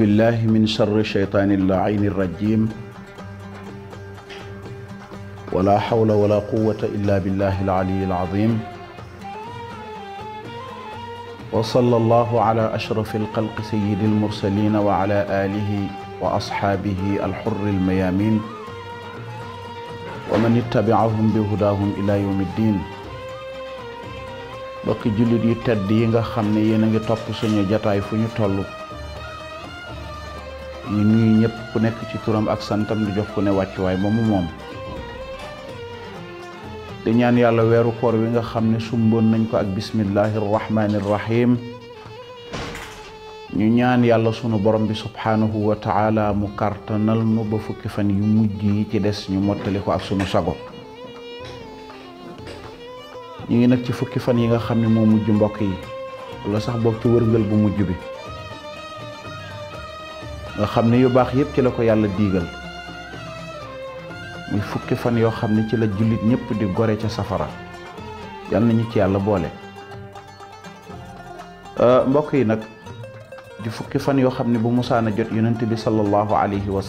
billahi min charri shaytaani llaini rajim wala hawla wala quwwata illa billahi alali alazim wa sallallahu ala ashrafi alxalqi sayyidi almursalina wa ala alihi wa ashaabihi alxurri almayamin wa man ittabiahum bi hudaahum ila yawmi ddin bokki jullit yu tedd yi nga xam ne yéen a ngi topp suñu jataay fu ñu toll ñun ñëpp ku nekk ci turam ak santam di jox ku ne wàccuwaay ba moom di yàlla weeru koor wi nga xam ne sumboon nañ ko ak bismillahi rahmaani rahim ñu ñaan yàlla sunu borom bi subhaanahu wa taala mu kartanal nu ba fukki fan yu mujj yi ci des ñu mottali ko ak sunu sago ñu ngi nag ci fukki fan yi nga xam ne moo mujj mbokk yi wala sax boog ci wërngal bu mujj bi nga xam ne yu baax yëpp ci la ko yàlla diigal muy fukki fan yoo xam ne ci la jullit ñépp di gore ca safara yal nañu ci yàlla boole euh, mbokk yi nag di fukki fan yoo xam ne bu musaana jot yonent bi sallallahu alayhi wa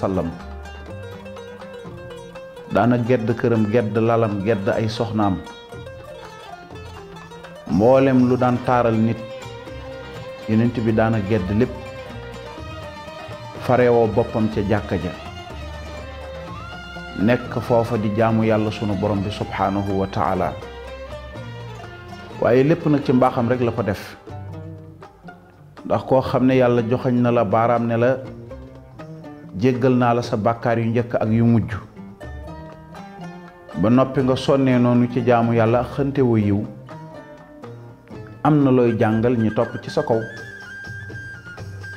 daana gedd këram gedd lalam gedd ay soxnaam mboolem lu daan taaral nit yonent bi daana gedd lépp farewoo boppam ca jàkka ja nekk foofa di jaamu yàlla sunu borom bi subhaanahu wa taala waaye lépp nag ci mbaaxam rekk la ko def ndax koo xam ne yàlla joxañ na la baaraam ne la jéggal naa la sa bàkkaar yu njëkk ak yu mujj ba noppi nga sonnee noonu ci jaamu yàlla xante wo yiw am na looy jàngal ñi topp ci sa kaw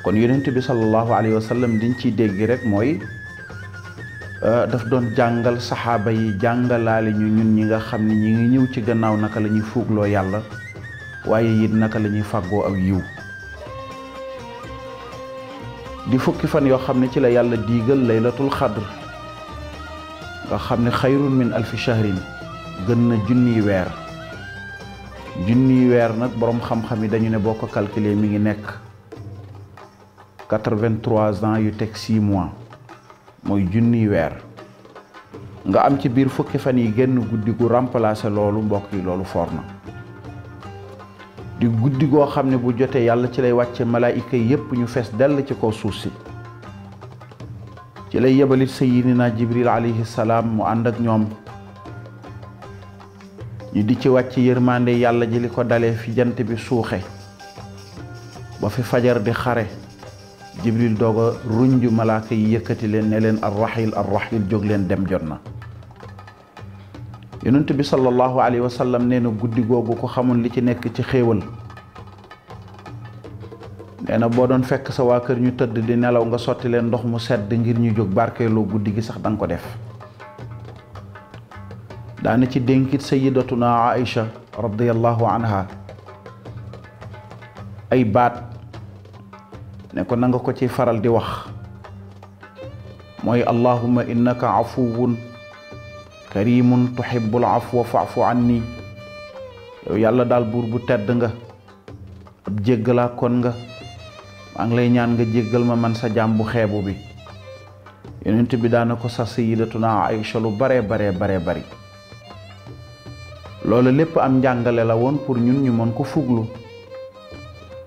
kon yonent bi sallallahu alayhi wa sallam liñ ciy dégg rek mooy euh, daf doon jàngal saxaaba yi jàngalaale ñu ñun ñi nga xam ni ñi ngi ñëw ci gannaaw naka lañuy ñuy fuugloo yàlla waaye it naka lañuy ñuy fàggoo aw yiw di fukki fan yoo xam ne ci la yàlla diigal laylatul xadr nga xam ne xayrun min alfi shahrin gën na junniy weer junniy weer nag boroom xam-xam yi dañu ne boo ko calculer mi ngi nekk quatre vingt yu teg six mois mooy junniy weer nga am ci biir fukki fan yi génn guddi gu remplacer loolu mbokk yi loolu foor na di guddi goo xam ne bu jotee yàlla ci lay wàcce malaayika yépp ñu fees dell ci kaw suuf si ci lay yebalit sayyidina jibril alayhi salaam mu ànd ak ñoom ñu di ci wàcc yërmande yàlla ji li ko dale fi jant bi suuxe ba fi fajar di xare jibril doog a runju malaaka yi yëkkati leen ne leen arrahil arrahil jóg leen dem jot na yonent bi sallallahu alayhi wa nee na guddi googu ko xamoon li ci nekk ci xéewal nee na boo doon fekk sa waa kër ñu tëdd di nelaw nga sotti leen ndox mu sedd ngir ñu jóg barkeeloo guddi gi sax danga ko def daana ci dénkit sayyidatuna Aïcha radiyallahu anha ay baat ne ko nanga ko ci faral di wax mooy allahumma innaka afuwun karimun tuhibbul afwa fa'fu anni yow yàlla daal buur bu tedd nga ab jéggalaa kon nga maa ngi lay ñaan nga jéggal ma man sa jaam bu xeebu bi yonent bi daana ko sax sayyidatuna Aïcha lu bare bare bare bari loolu lépp am njàngale la woon pour ñun ñu mën ko fuglu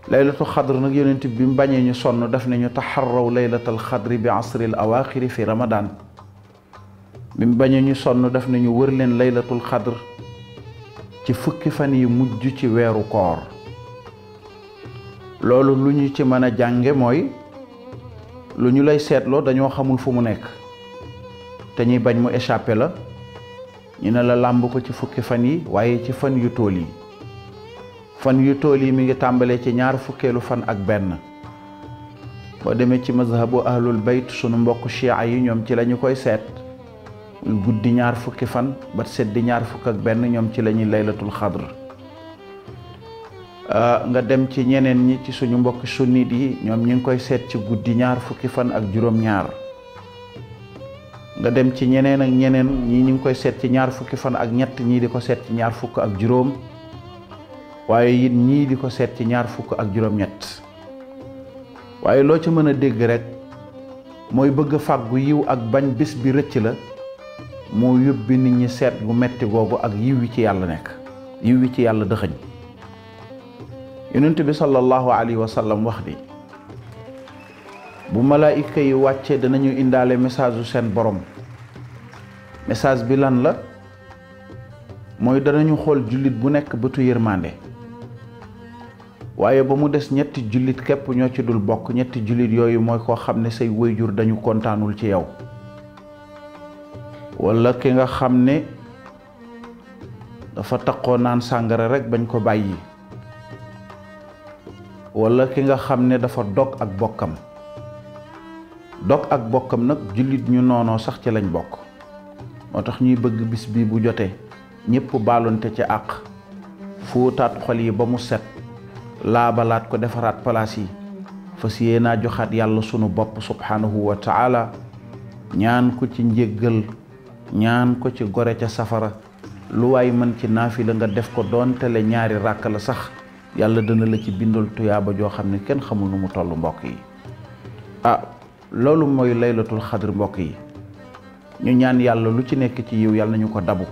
laylatu xadr nag yonent bi mu bañee ñu sonn def ne ñu xarraw laylatal xadri bi asril awaaxiri fi ramadan bi mu bañee ñu sonn def ne ñu wër leen laylatul xadr ci fukki fan yi mujj ci weeru koor loolu lu ñu ci mën a jànge mooy lu ñu lay seetloo dañoo xamul fu mu nekk te ñuy bañ mu échappé la ñu ne la làmb ko ci fukki fan yi waaye ci fan yu tool yi fan yu tool yi mu ngi tàmbalee ci ñaar fukkeelu fan ak benn boo demee ci mazhabu ahlul bayt sunu mbokk chia yi ñoom ci lañu koy seet guddi ñaar fukki fan ba seddi ñaar fukk ak benn ñoom ci la ñuy laylatul xadr ah, nga dem ci ñeneen ci suñu mbokk sunnit ñoom ñu ngi koy seet ci guddi ñaar fan ak juróom-ñaar nga dem ci ñeneen ak ñeneen ñii ñu ngi koy seet ci ñaar fukki fan ak ñett ñii di ko seet ci ñaar fukk ak juróom waaye it ñii di ko seet ci ñaar fukk ak juróom-ñett waaye loo ci mën a dégg rek mooy bëgg a fàggu yiw ak bañ bés bi rëcc la moo yóbbi nit ñi seet gu metti googu ak yiw wi ci yàlla nekk yiw wi ci yàlla dëxëñ yonent bi sallallahu alayhi wa sallam wax di bu malaayika yi wàcce danañu indaale message u seen boroom message bi lan la mooy danañu xool jullit bu nekk bëtu yërmande waaye ba mu des ñetti jullit képp ñoo ci dul bokk ñetti jullit yooyu mooy koo xam ne say wayjur dañu kontaanul ci yow wala ki nga xam ne dafa taqoo naan sàngara rekk bañ ko bàyyi wala ki nga xam ne dafa dog ak bokkam dog ak bokkam nag jullit ñu noonoo sax ci lañ bokk moo tax ñuy bëgg bis bi bu jotee ñépp baalonte ci àq fóotaat xol yi ba mu set laabalaat ko defaraat palaas yi fas naa joxaat yàlla sunu bopp subhaanahu wa taala ñaan ko ci njéggal ñaan ko ci gore ca safara lu waay mën ci naafila nga def ko doontele ñaari ràkk la sax yàlla dana la ci bindul tuyaaba joo xam ne kenn xamul nu mu toll mbokk yi ah loolu mooy laylatul xadr mbokk yi ñu ñaan yàlla lu ci nekk ci yiw yàlla nañu ko dabu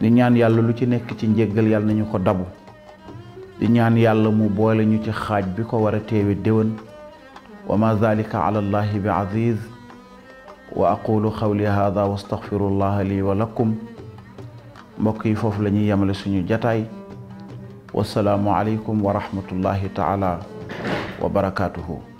ñu ñaan yàlla lu ci nekk ci njéggal yàlla nañu ko dabu di ñaan yàlla mu boole ñu ci xaaj bi ko war a teewe déwén wa ma zalika ala allahi bi aziz wa aqulu xawli hada wa astaxfirullaha lii wa lakum mbokk yi foofu la ñuy yemale suñu jataay wasalaamu aleykum wa rahmatullahi taala wa barakaatuhu